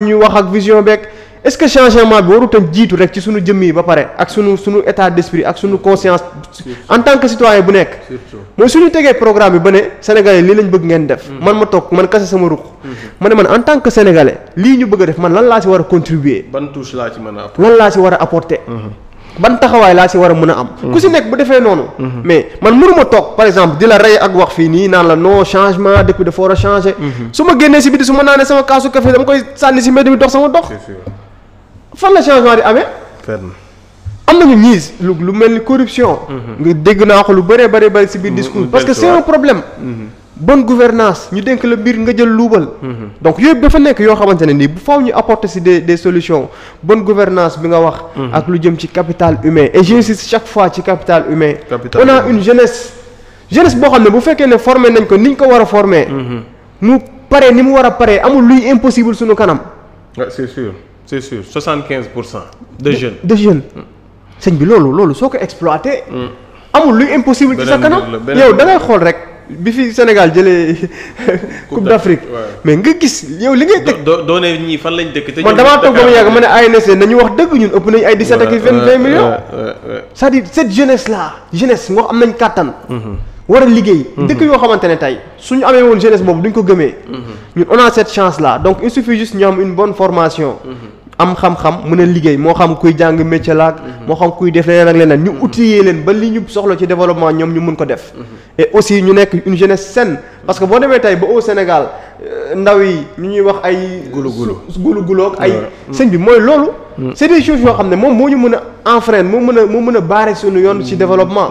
ñu wax ak vision beeg est-ce que changement bi warutam jiitu rek ci suñu jëmm yi ba pare ak suñu suñu état d'esprit ak sunu conscience en tant que citoyen bu nekk mooy suñu tegee programme bi ba ne sénégalais li lañ bëgg ngeen def mm-hmm. man ma toog man kase sama ruq mm-hmm. ma ne man en tant que sénégalais lii ñu bëgg def man lan laa si war a contribuer ban laa ci mën a apporter laa si war a ban taxawaay laa si war a mën a am. Mhm. ku si nekk bu defee noonu. Mhm. mais man mënu ma toog par exemple di la rey ak wax fii nii naan la non changement dëkk bi dafa war a changé. Mhm. su ma génnee si biti su ma naanee sama kaasu café dama koy sànni si mbedd bi dox sama dox. fan la changement di amee. am na ñu ñii lu lu mel ni corruption. ngi dégg naa ko lu bëree baree bëri si biir discours parce que c'est un problème. bon gouvernance ñu denk la mbir nga jël luubal mm-hmm. donc yooyu dafa nekk yoo xamante ne nii bu faw ñu apporte ci des des solutions bonne gouvernance bi nga wax mm-hmm. ak lu jëm ci capital humain et j'insiste chaque fois ci capital humain capital on a humain. une jeunesse jeunesse boo xam ne bu fekkee ne formé nañ ko ni ñu ko war a formé mm-hmm. mu pare ni mu war a pare amul luy impossible suñu kanam c'est sûr c'est quinze pour cent de jeunes de jeune mm. sëñ bi loolu loolu soo ko exploité mm. amul luy impossible ci sa kanam yow da ngay xool rek bi fi Sénégal jëlee. Coupe d'Afrique mais nga gis yow li ngay teg. doo ñii fan lañ dëkk te man damaa toog ba mu yàgg ma ne ANSD nañu wax dëgg ñun ëpp nañu ay. 17 ak 20 millions. c'est-à-dire cette jeunesse là jeunesse nga am nañ kàttan. Mm-hmm. war a liggéey. Mm-hmm. dëkk yoo xamante ne su ñu amee woon jeunesse boobu du duñ ko gëmee. Mm-hmm. ñun on a cette chance là donc il suffit ñu am une bonne formation. am xam-xam mën a liggéey moo xam kuy jàng métier laag mhm. moo xam kuy def leneen ak leneen ñu mhm. outillé leen ba li ñu soxla ci développement ñoom ñu mun ko def mhm. aussi ñu nekk une jeunesse saine parce que boo demee tey ba au Sénégal euh, ndaw yi ñu ñuy wax ay. gulu gulu gulu gulu ak ay. sëñ bi mooy loolu. Mm. c'est des choses yoo xam ne moom moo ñu mën a enfreindre moo mën a moo mën a baare suñu yoon ci mm. développement.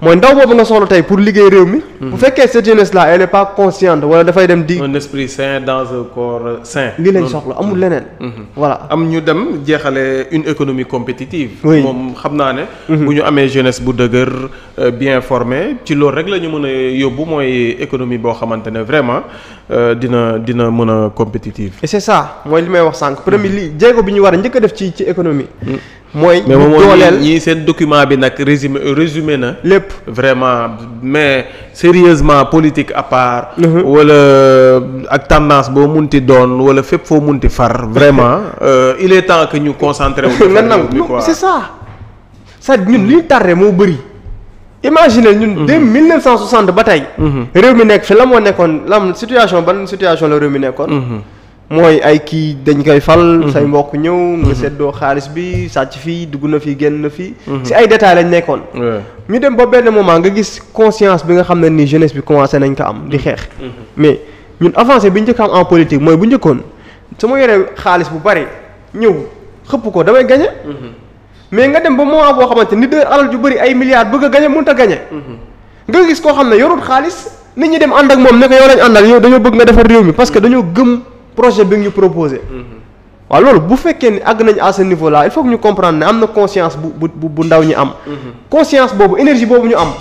mooy ndaw boobu nga soxla tey pour liggéey réew mi. Mm. bu fekkee cette jeunesse là elle est pas consciente wala dafay dem di. un esprit sain dans corps sain. li lañ soxla amul leneen. Mm-hmm. voilà am ñu dem jeexale une économie compétitive. moom xam naa ne. Mm-hmm. bu ñu amee jeunesse bu dëgër euh, bien formée ci loolu rek la ñu mën a yóbbu mooy économie boo xamante ne vraiment euh, dina dina mën a compétitive. et c'est ça mooy li may wax sànq. premier mm-hmm. li jéego bi ñu war a njëkk a def ci ci économie. Mm-hmm. mooy dooleel ñii seen document bi nag résumé résumé na. lépp vraiment mais sérieusement politique à part. Mm-hmm. wala ak tendance boo munti doon wala fépp foo munti far. vraiment euh, il est temps que ñu concentré wu. nga nangu c'est ça. c'est ñun li ñu tarre moo bëri. imagine ñun mhm. de 1960 ba tey. Mhm. réew mi nekk fi la moo nekkoon lam ba ban situation la réew mi nekkoon. Mhm. mooy ay kii dañ koy fal. say mbokk ñëw nga seddoo xaalis bi sàcc fii dugg na fii génn na fii. si ay détails lañ nekkoon. ñu dem ba benn moment nga gis conscience bi nga xam ne ni jeunesse bi commencé nañ ko am di xeex. mais ñun avancé bi ñu njëkk am en politique mooy bu njëkkoon su ma yore xaalis bu bari ñëw xëpp ko damay gagné. mais nga dem ba moment boo xamante ni de alal ju bëri ay milliards bëgg a gañe mënut a gañe mhm. nga gis koo xam ne yorul xaalis nit ñi dem ànd ak moom ne ko yow lañ ànd ak yow dañoo bëgg nga defar réew mi parce que dañoo gëm projet bi ñu proposé. Mhm. waaw loolu bu fekkee ni àgg nañ à ce niveau là il faut ñu comprendre ne am na conscience bu bu bu ndaw ñi am. Mhm. conscience boobu énergie boobu ñu am.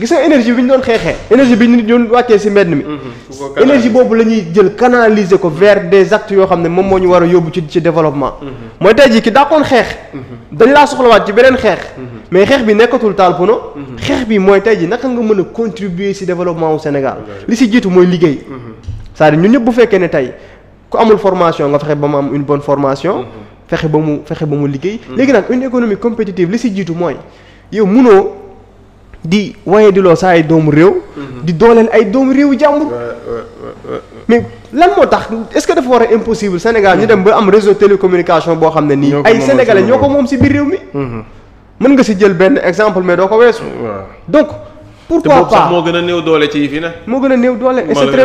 gis nga bi ñu doon xeexee énergie bi ñu doon wàccee si mbedd mi mhm. énergie boobu la ñuy jël canaliser ko vers des actes yoo xam ne moom moo ñu war a yóbbu ci ci développement mhm. mooy tey jii ki dàqoon mhm. dañ laa soxlawaat ci beneen xeex mais xeex bi nekkatul taal pono xeex bi mooy tey jii naka nga mën a contribuer si développement Sénégal li si jiitu mooy liggéey c'est-à-dire ñun bu fekkee ne tey ku amul formation nga fexe ba mu am une bone formation fexe ba mu fexe ba mu liggéey léegi nag une économie compétitive li si jiitu mooy yow munoo di waye di loo saa ay doomu réew. Mhm. di dooleel ay doomu réewu jàmbur. mais lan moo tax est-ce que dafa war a impossible Sénégal ñu dem ba am réseau télécommunication boo xam ne nii. ay sénégalais ñoo ko moom si biir réew mi. Mhm. mën nga si jël benn exemple mais doo ko weesu. donc pourquoi pas moo gën a néew doole ci fi na. moo gën a néew doole et c'est très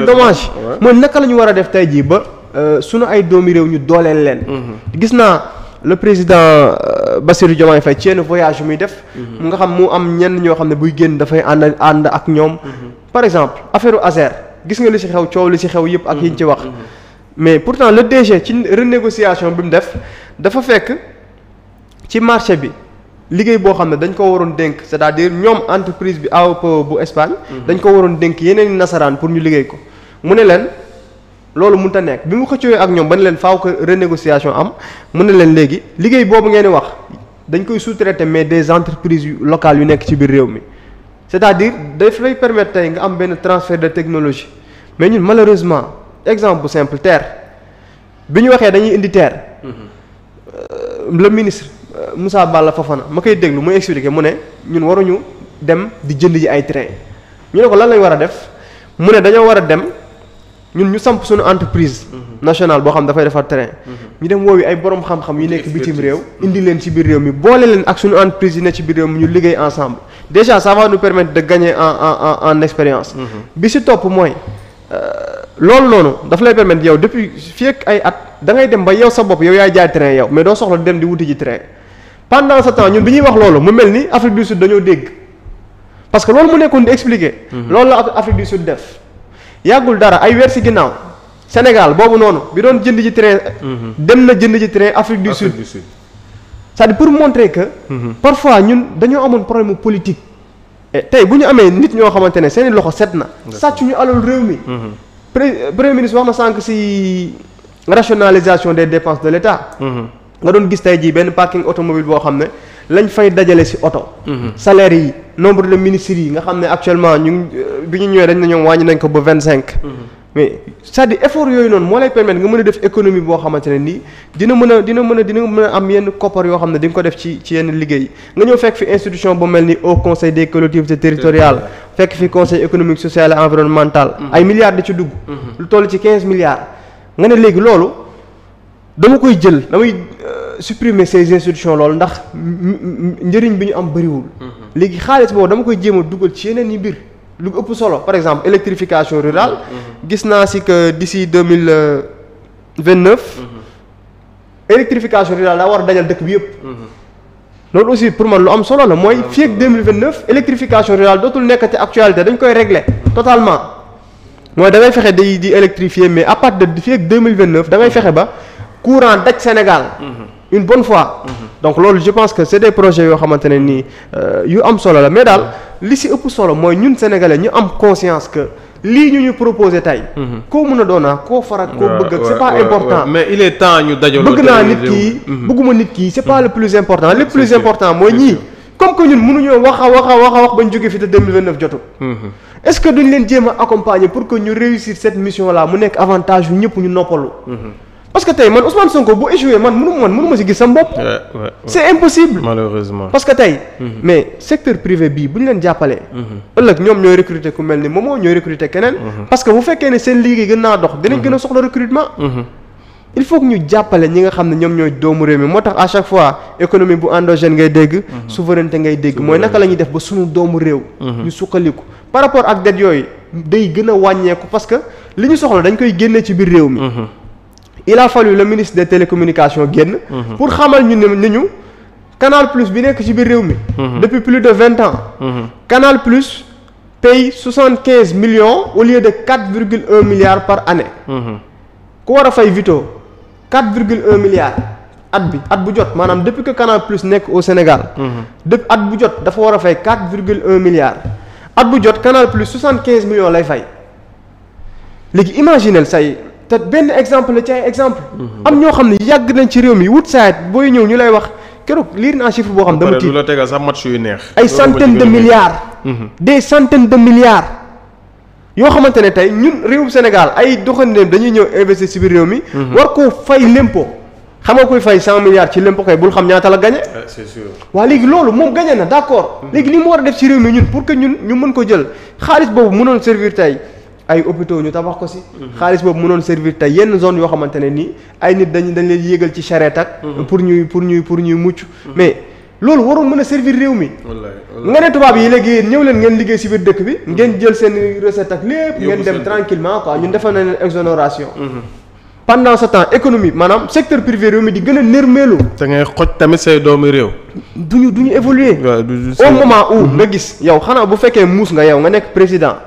mooy naka la ñu war a def tey jii ba euh, sunu ay doomi réew ñu dooleel leen. Mhm. gis naa. le président euh, Bassirou Diomaye Faye ci yenn voyage muy def. Mhm. mu nga xam mu am ñenn ñoo xam ne buy génn dafay ànd ànd ak ñoom. Mhm. par exemple affaire Azer gis nga li si xew coow li si xew yëpp. ak yiñ ci wax. Mhm. mais pourtant le DG ci renégociation bi mu def dafa fekk ci marché bi liggéey boo xam ne dañ ko waroon dénk c'est-à-dire ñoom entreprise bi aw AOP e bu Espagne. dañ ko waroon dénk yeneen i nasaraan pour ñu liggéey ko mu ne leen. loolu mun a nekk bi mu xëccoo ak ñoom ba ne leen faaw ko renégociation am mu ne leen léegi liggéey boobu ngeen di wax dañ koy sous-traiter mais des entreprises locales yu nekk ci biir réew mi c'est-à-dire daf lay permettre tey nga am benn transfert de technologie mais ñun malheureusement exemple bu simple terre bi ñu waxee dañuy indi terre. Euh, le ministre euh, Moussa Balla na ma koy déglu mu expliquer mu ne ñun waruñu dem di jënd ji ay train ñu ne ko lan lañ war a def mu ne dañoo war a dem. ñun ñu samp suñu entreprise. Mhm. nationale boo xam dafay defar terrain. Mhm. ñu dem woowi ay borom xam-xam yu nekk bitim réew. indi leen ci biir réew mi boole leen ak suñu entreprise yi ne ci biir réew mi ñu liggéey ensemble déjà ça va nous permettre de gagner en en expérience. Mhm. bi si topp mooy euh, loolu noonu daf lay permettre yow depuis fii ak ay at da ngay dem ba yow sa bopp yow yaay jaay terrain yow mais doo soxla dem di wuti ji terrain pendant ce temps ñun bi ñuy wax loolu mu mel ni Afrique dañoo dégg parce que loolu mu nekkoon di expliquer. loolu la Afrique du Sud yàggul dara ay weer si ginnaaw Sénégal boobu noonu bi doon jënd ji train. Mhm. dem na jënd ji train Afrique du Sud. c'est-à-dire pour montrer que. Mhm. parfois ñun dañoo amoon problème politique. tey bu ñu amee nit ñoo xamante ne seen loxo set na. sàcc ñu alal réew mi. Mhm. premier ministre wax na sànq si rationalisation des dépenses de l'État. nga doon gis tey jii benn parking automobile boo xam ne. lañ fay dajale si oto. Mhm. salaire yi nombre de ministres yi nga xam ne actuellement ñu euh, bi ñu ñëwee dañ ne ñoom wàññi nañ ko ba vingt cinq. Mhm. mais c'est-à-dire yooyu noonu moo lay permettre nga mën a def économie boo xamante ne nii dina mën a dina mën a am yenn koppar yoo xam ne di ko def ci ci yenn liggéey nga ñëw fekk fi institution bu mel ni Haut Conseil des collectivités territoriales fekk fi conseil économique social et environnemental. Mhm. ay milliards di ci dugg. lu supprimer ces institutions loolu ndax njëriñ bi ñu am bëriwul. Mhm. léegi xaalis boobu dama koy jéem a dugal ci yeneen yi mbir lu ëpp solo par exemple électrification rural mhm. mhm. gis naa si que d'ici deux mille euh, vingt neuf. électrification rurale daa war a dajal dëkk bi yëpp. loolu aussi pour man lu am solo la mooy fii ak deux mille vingt neuf électrification rurale dootul nekkati actualité dañ koy régler totalement mooy da fexe di di électrifier mais à partir de fii ak deux mille vingt neuf da fexe ba courant daj Sénégal. une bonne fois. Mhm. donc loolu je pense que c'est des projet yoo xamante ne nii euh, yu am solo la mais daal li si ëpp solo mooy ñun sénégalais ñu am conscience que. lii ñu ñu proposé tey. Mhm. koo mën a doonaa ah, koo farat koo bëgg ak c'est pas important. mais il est temps ñu dajaloo bëgg naa nit kii mhm. bëgguma nit kii c'est pas le plus important le plus important mooy ñii comme que ñun mënuñoo wax a wax a wax a wax bañ jógee fii te 2029 jotul. est-ce que duñ leen accompagner pour que ñu réussir cette mission mu nekk avantage yu ñëpp ñu noppalu. parce que tey man Ousmane Sonko bu échoué man mënu man mënu si gis sam bopp. c'est impossible. malheureusement parce que tey. Mhm. mais secteur privé bii bu ñu leen jàppale mhm. ëllëg ñoom ñooy recruter ku mel ni moomoo ñooy recruter keneen. Mhm. parce que bu fekkee ne seen liggéey gën naa dox. dinañ gën soxla recrutement. il faut ñu jàppale ñi nga xam ne ñoom ñooy doomu réew mi moo tax à chaque fois économie bu endogène ngay dégg. souveraineté ngay dégg mooy naka la ñuy def ba suñu doomu réew. ñu suqaliku par rapport ak dette yooyu day gën a wàññeeku parce que li ñu soxla dañ koy génnee ci biir réew mi. il a fallu le ministre des télécommunications génn. Mhm. pour xamal ñu ne ñu Canal Plus bi nekk ci biir réew mi. Mhm. depuis plus de vingt ans. Mhm. Canal Plus paye million au lieu de quatre virgule un milliard par année. ku war a fay Vito quatre virgule un milliard at bi at bu jot maanaam depuis que Canal Plus nekk au Sénégal. depuis at bu jot dafa war a fay quatre virgule un milliard at bu jot Canal Plus soixante quinze millions lay fay léegi imaginel say. te benn exemple la ci exemple mhm. am ñoo xam ne yàgg nañ ci réew mi wut saayet booy ñëw ñu lay wax keroog liir naa chiffre boo xam dama tiit la tegal sax match yu neex ay centaines de milliards mhm. des centaines de milliards yoo xamante ne tey ñun réewum Sénégal ay doxandéem dañuy ñëw investir ci biir réew mi mhm. war koo fay lempo xam nga koy fay cent milliards ci lempo kay bul xam ñaata la gagné eh, c'est waa léegi loolu moom gagné na d'accord léegi li mu war a def ci réew mi ñun pour que ñun ñu mën ko jël xaalis boobu mënoon servir tey ay hôpitaux ñu tabax ko si. Mhm. xaalis boobu mënoon servir tey yenn zone yoo xamante ne nii ay nit dañ dañ leen yéegal ci charrette ak. Mhm. pour ñuy pour ñuy pour ñuy mucc. Mhm. mais loolu waroon mën a servir réew mi. nga ne tubaab yi léegi yéen ñëw leen ngeen liggéey si biir dëkk bi. ngeen jël seen recette ak lépp. ngeen dem tranquillement quoi ñun defal nañ leen exonération. pendant ce temps économie maanaam secteur privé réew mi di gën a nërmeelu. da ngay xoj tamit say doomi réew. du ñu du ñu évoluer. au moment où nga gis yow xanaa bu fekkee muus nga yow nga nekk président.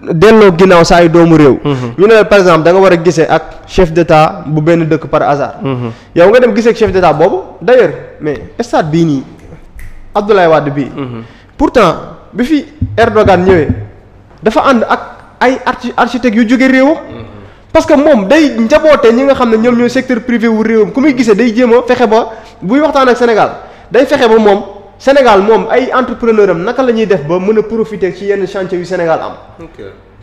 delloo ginnaaw saa yu doomu réew. Mhm. ñu ne la par exemple danga war a gisee ak chef d'état bu benn dëkk par hasard. Mhm. yow nga dem gisee ak chef d'état boobu d'ailleurs mais stade bii nii Abdoulaye Wade bii. Mhm. pourtant bi fi Erdogan ñëwee dafa ànd ak ay archi architecte yu jóge réewam. parce que moom day njaboote ñi nga xam ne ñoom ñooy secteur privé wu réewam ku muy gisee day jéem fexe ba buy waxtaan ak Sénégal day fexe ba moom. Sénégal moom ay entrepreneur am naka la ñuy def ba mën a profité ci yenn chantier yu Sénégal am.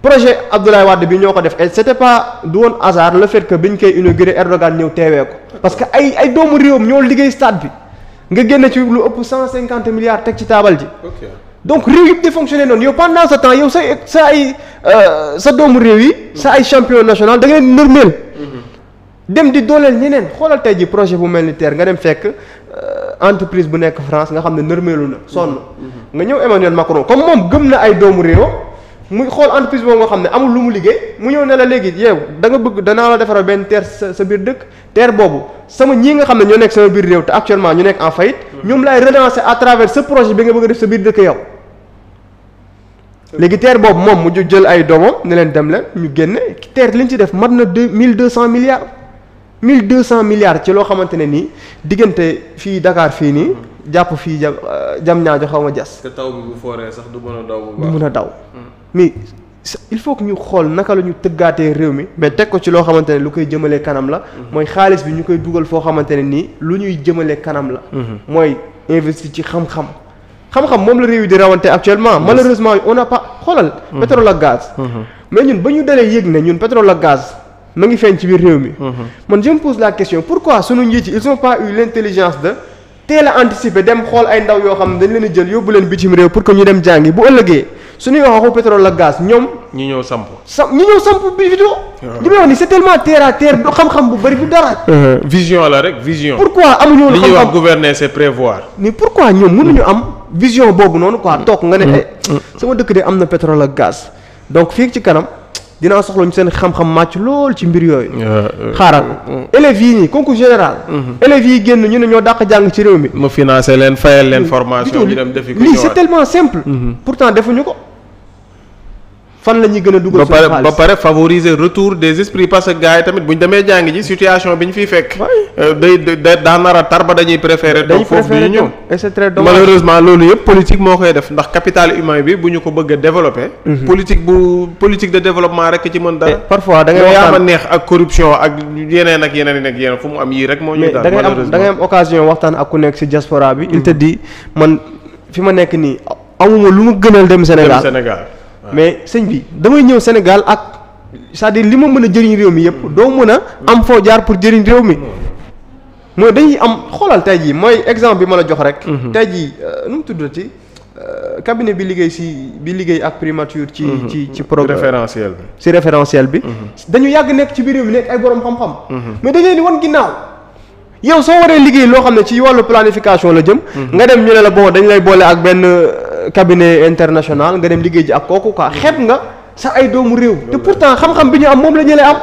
projet Abdoulaye Wade bi ñoo ko def et c'était pas du woon hasard le fait que biñ koy inauguré Erdogan ñëw teewee ko. parce que ay ay doomu réewam ñoo liggéey stade bi nga génn ci lu ëpp cent cinquante milliards teg ci taabal ji. donc réew yëpp di fonctionner noonu yow pendant ce temps yow sa sa ay euh, sa doomu réew yi. sa ay champion national da ngay nërmeel. Mhm. dem di dooleel ñeneen xoolal tey ji projet bu mel ni nga dem fekk entreprise bu nekk France nga xam ne nërmeelu na sonn mhm. Mhm. nga ñëw Emmanuel Macron comme moom gëm na ay doomu réewam muy xool entreprise boobu nga xam ne amul lu mu liggéey mu ñëw ne la léegi yow da nga bëgg danaa la defaral benn terre sa sa biir dëkk terre boobu sama ñii nga xam ne ñoo nekk sama biir réew te actuellement ñu nekk en faillite mhm. ñoom laay relancer à travers ce projet bi nga bëgg a def sa biir dëkk yow léegi terre boobu moom mu jël ay doomam ne leen dem leen ñu génne terre li ci def mat na deux mille deux cent milliards mille deux cent milliards ci loo xamante ne nii diggante fii dakaar fii nii. jàpp fii jam euh, jam ñaajo xaw ma jas. te taw bi sax du mën a daw. du mën a daw. Hmm. mais il faut que ñu xool naka la ñu tëggaatee réew mi mais teg ko ci loo xamante ne lu koy jëmalee kanam la. Hmm. mooy xaalis bi ñu koy dugal foo xamante ne nii lu ñuy jëmalee kanam la. Hmm. mooy investir ci xam-xam. xam-xam moom la réew yi di rawante actuellement malheureusement on n'a pas xoolal. pétrole ak gaz. mais ñun ba ñu dalee yëg ne ñun pétrole ak gaz. ma ngi feeñ ci biir réew mi. Mhm. man je me pose la question pourquoi sunu njiit yi ils ont pas eu l'intelligence de teel anticiper dem xool ay ndaw yoo xam ne dañ leen a jël yóbbu leen bitim réew pour que ñu dem jàngi bu ëllëgee suñuy wax waxu pétrole ak gaz ñoom. ñu ñëw samp sam ñi ñëw samp bi vidéo li may wax ni c'est tellement terre à du xam-xam bu bëri bu dara. Mhm. vision la rek vision. pourquoi amuñu woon xam-xam li ñuy wax gouverner c'est prévoir. mais pourquoi ñoom mënuñu mm. am vision boobu noonu quoi mm. toog nga ne. Mm. Eh, sama dëkk de am na pétrole ak gaz donc fii ci kanam dinaa soxla ñu seen xam-xam màcc lool ci mbir yooyu. Euh, euh, xaaral euh, élèves yi nii concours général. Mhm. élèves yi génn ñu ne ñoo dàq jàng ci réew mi. mu financé leen fayal leen formation. ñu dem defi ko lii c'est tellement simple. Mhm. pourtant defuñu ko. fan la ñuy gën a dugal suñu xaalis ba pare favoriser retour des esprits parce que gars yi tamit bu ñu demee jàng ji situation bi ñu fiy fekk. Euh, day day daa nar a tar ba dañuy préférer. dañuy préférer ñëw et c'est très dommage malheureusement loolu yëpp politique moo koy def ndax capital humain bi bu ñu ko bëgg a développer. Mhm. politique bu politique rek ci mën dara. parfois da ngay neex ak corruption ak yeneen ak yeneen ak yeneen fu mu am yii rek. moo ñuy daal malheureusement da am occasion waxtaan ak ku nekk ci diaspora bi. il te mhm. dit man fi ma nekk nii amuma lu mu gënal dem Sénégal dem Sénégal. mais sëñ bi damay ñëw Sénégal ak sa à li ma mën a jëriñ réew mi yëpp doo mën a am foo jaar pour jëriñ réew mi. moo dañuy am xoolal tey jii mooy exemple bi ma la jox rek. Mhm. tey ji euh, nu mu tudd tuddati euh, cabinet bi liggéey si bi liggéey ak primature. ci mhm. ci ci programme référentiel bi. si référentiel bi. Mhm. dañu yàgg nekk ci biir réew mi nekk ay borom xam-xam. mais dañu leen wan ginnaaw. yow soo waree liggéey loo xam ne ci wàllu planification la jëm. nga dem ñu ne la bon dañu lay boole ak benn. cabinet international nga dem liggéey ji ak kooku quoi mm-hmm. xeeb nga sax ay doomu réew te pourtant xam-xam bi ñu am moom la ñële am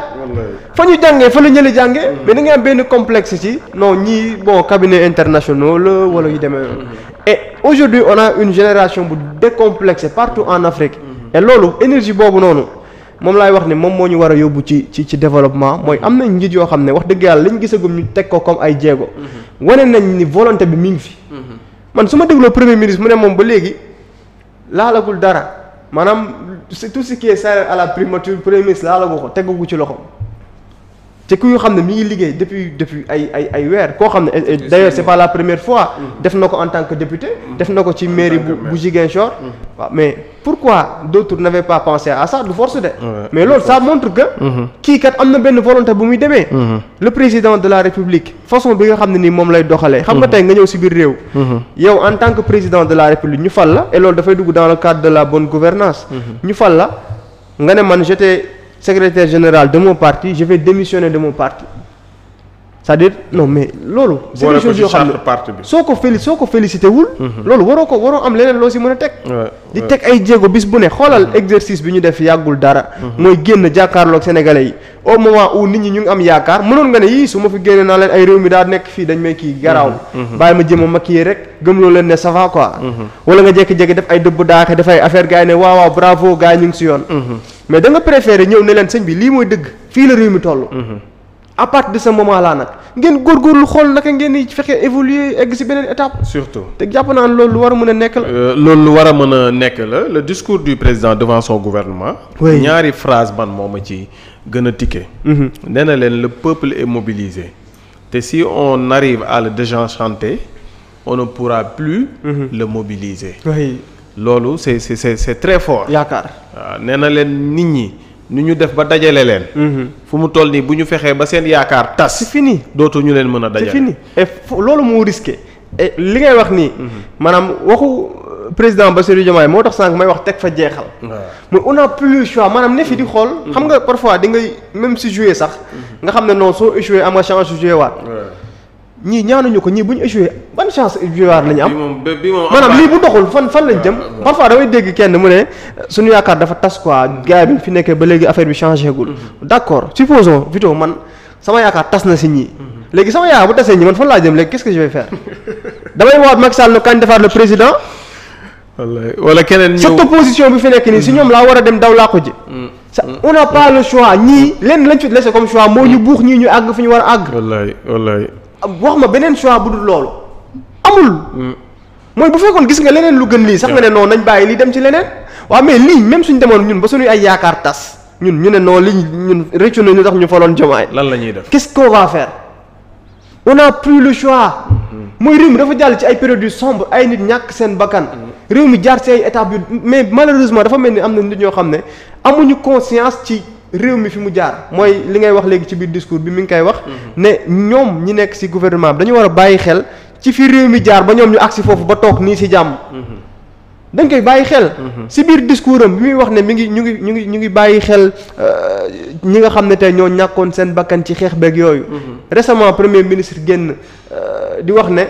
fa ñu jàngee fa la ñële jàngee mm-hmm. mais da am benn complexe ci non ñii bon cabinet international la wala yu demee mm-hmm. et aujourd'hui on a une génération bu décomplexée partout en Afrique et loolu énergie boobu noonu moom laay wax ne moom moo ñu war a yóbbu ci ci ci développement mooy am nañ njiit yoo xam ne wax dëgg yàlla lañ gisagum ñu teg ko comme ay jéego wane nañ ni volonté bi mi ngi fi man su ma dégloo premier ministre mu ne moom ba léegi laalagul dara maanaam c'est tout ce qui la primature premier ministre laalagu ko tegagu ci loxo te ku ñu xam ne mi ngi liggéey depuis depuis ay ay weer koo xam ne d'ailleurs c'est pas la première fois mmh. def na ko en tant que député mmh. def na ko ci mairie bu bu Ziguinchor mmh. waaw mais pourquoi d'autres n'avaient pas pensé à ça du force de mais loolu ça montre que kii kat am na benn volonté bu muy demee le président de la république façon bi nga xam ne nii moom lay doxalee xam nga tey nga ñëw si biir réew yow en tant que président de la république ñu fal la et loolu dafay dugg secrétaire général de mon parti je vais démissionner de mon parti c'est-à-dire mais loolu. c'est des choses yoo soo ko féli soo ko félicité wul. Mhm. loolu waroo ko waroo am leneen loo si mën a teg. di teg ay jéego bis bu ne xoolal mhm. exercice bi ñu def yàggul dara. Mhm. mooy génn jàkkaarloog sénégalais yi au moment où nit ñi ñu ngi am yaakaar mënoon nga ne yii su ma fi génne naa leen ay réew mi daa nekk fii dañ may kii garaaw. bàyyi ma jéem a maquiller rek gëmloo leen ne ça va quoi. wala nga jékki-jékki def ay dëbb daaxe def ay affaire gars waaw waaw bravo gars ñu ngi si yoon. mais danga nga préféré ñëw ne leen sëñ bi lii mooy dëgg fii la réew mi toll. Mhm. à partir de sa moment laa nag ngeen góorgóorlu xool naka ngeen ni fexe évoluer egg ci beneen étape. surtout te jàpp naa ne loolu lu war a mën a nekk la. Euh, loolu lu war a mën a nekk la le discours du président devant son gouvernement. ñaari phrase ban moom ma ci gën a tikke. Mhm. nee na leen le peuple et mobilisé te si on arrive à le désenchanter on ne pourra plus. Mm -hmm. le mobiliser. loolu oui. c'est c'est c'est c'est très fort. yaakaar. waaw nee na leen nit ñi nu ñu def ba dajale leen. Mhm. fu mu toll nii bu ñu fexee ba seen yaakaar tas. c'est fini dootu ñu leen mën a dajale. c'est loolu moo risqué li ngay wax nii. Mhm. maanaam waxu euh, président Bassirou Diomaye moo tax sànq may wax teg fa jeexal. muy on a plus le choix maanaam ne fi di xool. Mhm. xam nga parfois di ngay même si jouer sax. nga xam ne non soo échoué am nga chance de waat. ñii ñaanuñu ko ñii bu ñu échoué ban chance victoire la ñu am maanaam lii bu doxul fan fan lañ jëm parfois damay dégg kenn mu ne suñu yaakaar dafa tas quoi gars bi fi nekkee ba léegi affaire bi changé gul mm-hmm. d'accord supposons Vito man sama yaakaar tas na si ñii mm-hmm. léegi sama yaakaar bu tasee ñi man fan laa jëm léegi qu'est-ce que je vais faire damay waat Macky Sall ne kañ defaat le président wallaay bi fi nekk nii si ñoom laa war a dem daw laa ko ji. Mm-hmm. on n'a pas le choix ñii lenn lañ fi laissé comme choix moo ñu buux ñii ñu àgg fi ñu war a àgg. wax ma beneen choix bu dul loolu amul. mooy bu fekkoon gis nga leneen lu gën lii sax nga ne noonu nañ bàyyi lii dem ci leneen waaw mais lii même suñ demoon ñun ba suñuy ay yaakaar tas ñun ñu ne noonu lii ñun rëccu nañu tax ñu faloon jomaay. lan la ñuy def qu'est-ce qu'on va faire plus le choix. mooy réew mi dafa jàll ci ay période yu sombre ay nit ñàkk seen bakkan. réew mi jaar ci ay étapes yu mais malheureusement dafa mel ni am na nit ñoo xam ne amuñu conscience ci. réew mi fi mu jaar mooy li ngay wax léegi ci biir discours bi mi ngi koy wax. Mhm. ne ñoom ñi nekk ci gouvernement bi dañu war a bàyyi xel ci fi réew mi jaar ba ñoom ñu agsi foofu ba toog nii si jàmm. Mhm. dañ koy bàyyi xel. Mhm. ci biir discours am bi muy wax ne mi ngi ñu ngi ñu ngi ñu ngi bàyyi xel euh, ñi nga xam ne tey ñoo ñàkkoon seen bakkan ci xeex beeg yooyu. récemment premier ministre génn euh, di wax ne.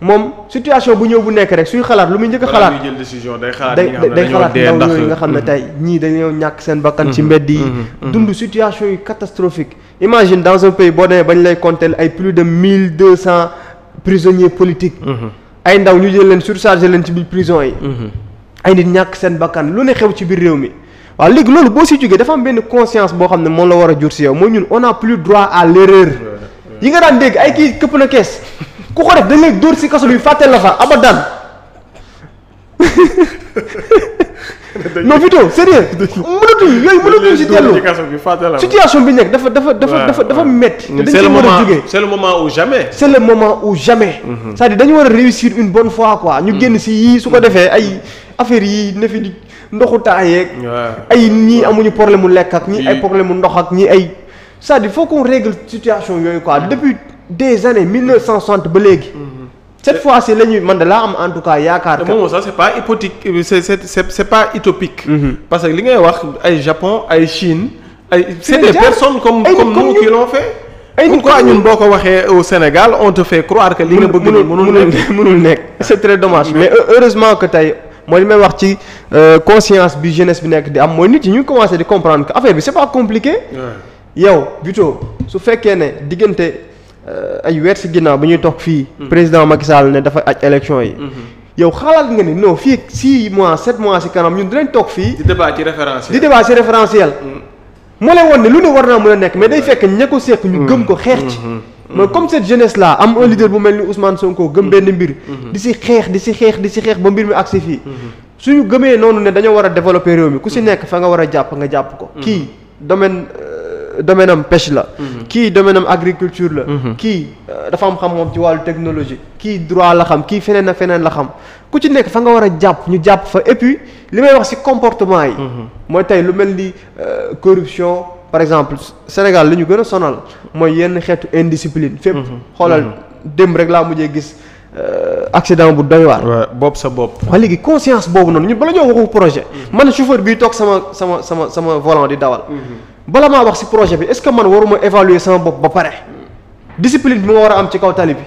moom situation bu ñëw bu nekk rek suy xalaat lu muy njëkk a xalaat jël décision day day xalaat ndaw yooyu nga xam ne mm-hmm. tey ñii dañoo ñàkk seen bakkan ci mm-hmm. mbedd yi mm-hmm. dund situation yu catastrophique imagine dans un pays boo demee bañ lay compter ay plus de mille deux cent prisonniers politiques ay ndaw ñu jël leen surchargé leen ci biir prison yi ay nit ñàkk seen bakkan lu ne xew ci biir réew mi waaw léegi loolu boo si jógee dafa am benn conscience boo xam ne moom la war a jur si yow mooy ñun on a plus droit à ku ko def dañ lay si kaso bi fàtteel la fa abadan non plutôt sérieux mënatuñ yooyu mënatuñ si dellu situation bi nekk dafa dafa dafa dafa dafa métti mm, te dañ ci war a jógee c'est le moment ou jamais c'est le moment mhm. dañu war a réussir une bonne fois quoi ñu génn si mm. yii su ko mm. defee ay affaire yi na fi di ndoxu taayeeg ay ñii amuñu problème mu lekk ak ñii ay problème mu ndox ak ñii ay c'est-à-dire faut qu'on règle situation yooyu quoi depuis ba léegi. Mm-hmm. cette fois-ci la man de laa am en tout cas yaakaar. te moom sax c'est pas hypothétique euh, c'est pas utopique. Mm-hmm. parce que li ngay wax ay Japon ay Chine. ay c'est des personnes comme comme qui l'ont fait. ay nit pourquoi ñun boo ko waxee au Sénégal on te fait croire que li nga bëgg mënul mënul mënul nekk. c'est très dommage mais heureusement que tey mooy li may wax ci euh, conscience bi jeunesse bi nekk di am mooy nit yi ñu commencé di comprendre que affaire bi c'est pas compliqué. yow Vito su fekkee ne Euh, ay weer si ginnaaw bi ñuy toog fii. Mm-hmm. président Macky Sall ne dafa aj élection yi. Mm-hmm. yow xalaat nga ni non fii six mois sept mois si kanam ñun dinañ toog fii. di débat ci référentiel di débat ci référentiel. Mm-hmm. moo lay woon ne lu ne war naa mën a nekk mais day fekk ña ko seq ñu gëm ko xeex ci. mais comme cette jeunesse là am un leader bu mel ni Ousmane Sonko gëm benn mbir. di si xeex di si xeex di si xeex ba mbir mi agsi fii. suñu gëmee noonu ne dañoo war a développer réew mi ku si nekk fa nga a domaine am pêche la. Mhm. kii domaine am agriculture la. Mhm. kii euh, dafa am xam-xam ci wàllu technologie. kii droit la xam kii feneen ak feneen la xam ku ci nekk fa nga war a jàpp ñu jàpp fa et li may wax ci comportement yi. Mhm. mooy tey lu mel ni euh, corruption par exemple Sénégal li ñu gën a sonal mooy yenn xeetu indiscipline. fépp xoolal démb rek laa mujjee gis. Euh, accident bu doy waar. waaw bopp sa bopp. waaye léegi conscience boobu noonu ñu bala ñoo waxu projet. man chauffeur bii toog sama sama sama sama volant di dawal. bala maa wax si projet bi est-ce que man waruma évaluer sama bopp ba pare discipline bi ma war a am ci kaw tali bi.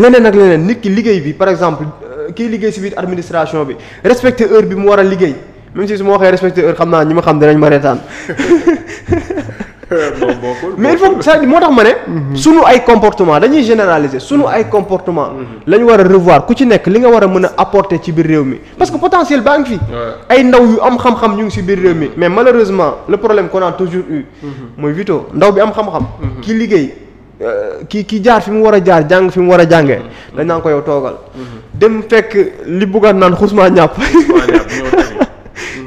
leneen ak leneen nit ki liggéey bi par exemple euh, kii liggéey si biir administration bi respecter heure bi mu war a liggéey même si su ma waxee respecter heure xam naa ñi ma xam dinañ ma reetaan mais il faut cest moo tax ma ne. Mhm. sunu ay comportement dañuy généraliser sunu ay mhm. comportement mhm. la ñu war a revoir ku ci nekk li nga war a mën a apporter ci biir réew mi parce que potentiel baa ngi fi. ay ndaw yu am xam-xam ñu ngi si biir réew mi mais malheureusement le problème ko a toujours eu. mooy Vito ndaw bi am xam-xam. ki liggéey euh, ki ki jaar fi mu war a jaar jàng fi mu war a jàngee. dañ naan ko yow toogal. dem fekk li buggaat naan xusuma ñàpp.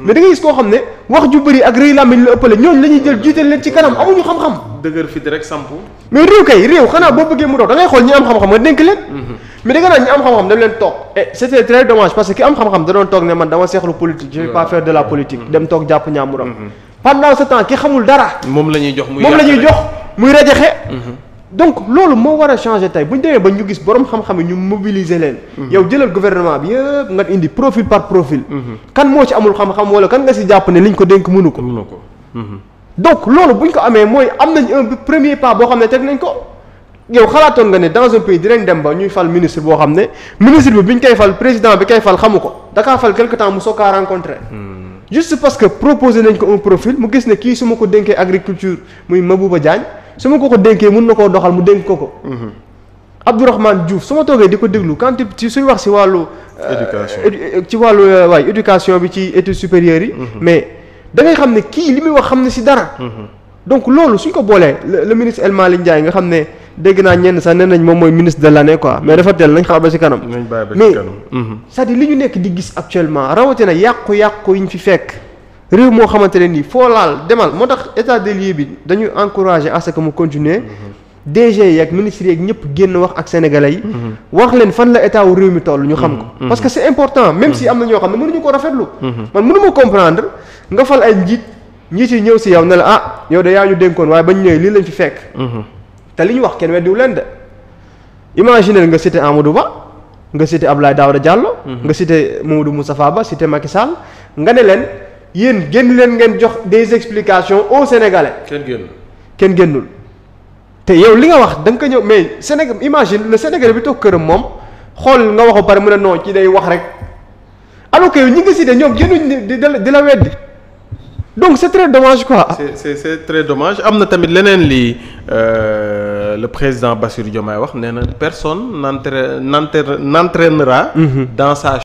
Mm. mais da ngay koo xam ne wax ju bëri ak rëy làmmiñ la ëppale ñooñu la ñuy jël jiital leen ci kanam amuñu xam-xam. dëgër fit rek sampu. mais réew kay réew xanaa boo bëggee mu dox da ngay xool ñi am xam-xam nga dénk leen. Mm-hmm. mais da naan ñi am xam-xam dañ leen toog. et eh, c'était très dommage parce ki am xam-xam da doon ne man dama seexlu politique. je vais pas faire de la politique. Mm-hmm. dem toog jàpp ñaam mu mm-hmm. temps ki xamul dara. moom la ñuy jox muy rajaxe donc loolu moo war a changé tey bu demee ba ñu gis borom xam-xam yi ñu mobiliser leen. Mhm. yow jëlal gouvernement bi yëpp nga indi profil par profil. Mhm. kan moo ci amul xam-xam wala kan nga si jàpp ne ñu ko dénk mënu ko. ko mhm. donc loolu bu ñu ko amee mooy am nañ un premier pas boo xam ne teg nañ ko. yow xalaatoon nga ne dans un pays dinañ dem ba ñuy fal ministre boo xam ne ministre bi bi ñu koy fal président bi koy fal xamu ko da fal quelque temps m soog a rencontré. juste proposé nañ ko un profil mu gis ne kii su ma ko dénkee agriculture muy Mabouba Diagne. su ma ko ko dénkee mun na koo doxal mu dénk ko ko. Mhm. Abdourahmane Diouf su ma toogee di ko déglu quand ci suy wax si wàllu. Euh, éducation euh, ci wàllu euh, waay éducation bi ci études supérieures yi. Mhm. mais da ngay xam ne kii li muy wax xam ne si dara. Mhm. donc loolu suñ ko boolee le ministre El Malick Ndiaye nga xam ne dégg naa ñenn sax nee nañ moom mooy ministre de l'année quoi mais dafa teel nañ xaar ba ci kanam. mais cest li ñu nekk di gis actuellement rawatina yàqu-yàqu yi ñu fi fekk. réew moo xamante ne nii foo laal demal moo tax état des lieux bi dañuy encourager à ce que mu continuer mhm. DG yeeg ministres yeeg ñëpp génn wax ak sénégalais yi. Mhm. wax leen fan la état wu réew mi toll ñu xam ko. Mhm. parce que c'est important même si am na ñoo xam ne mënuñu ko rafetlu. man mënu ma comprendre nga fal ay njiit njiit yi ñëw si yow ne la ah yow de yaa ñu dénkoon waaye bañ ñëwee lii lañ fi fekk. te li ñu wax kenn weddiwu leen de imaginer nga cité Amadou Ba. nga cité Abdoulaye Daouda Diallo. nga cité Mamadou Moustapha Ba cité Macky Sall nga ne leen. yéen génn leen ngeen jox des explications aux Sénégalais. kenn génnul kenn génnul. te yow li nga wax da nga ko ñëw mais Sénégal imagine la Sénégalais bi toog këram moom xool nga wax ba pare mu ne non ci day wax rek alors que yow ñi nga si de ñoom génnuñ di di la weddi donc c' est très dommage quoi. c'est c'est c' est très dommage am na tamit leneen lii euh, le président Bassirou Diomaye wax nee na personne n'entra n'entra n'entraînera mhm. dans sa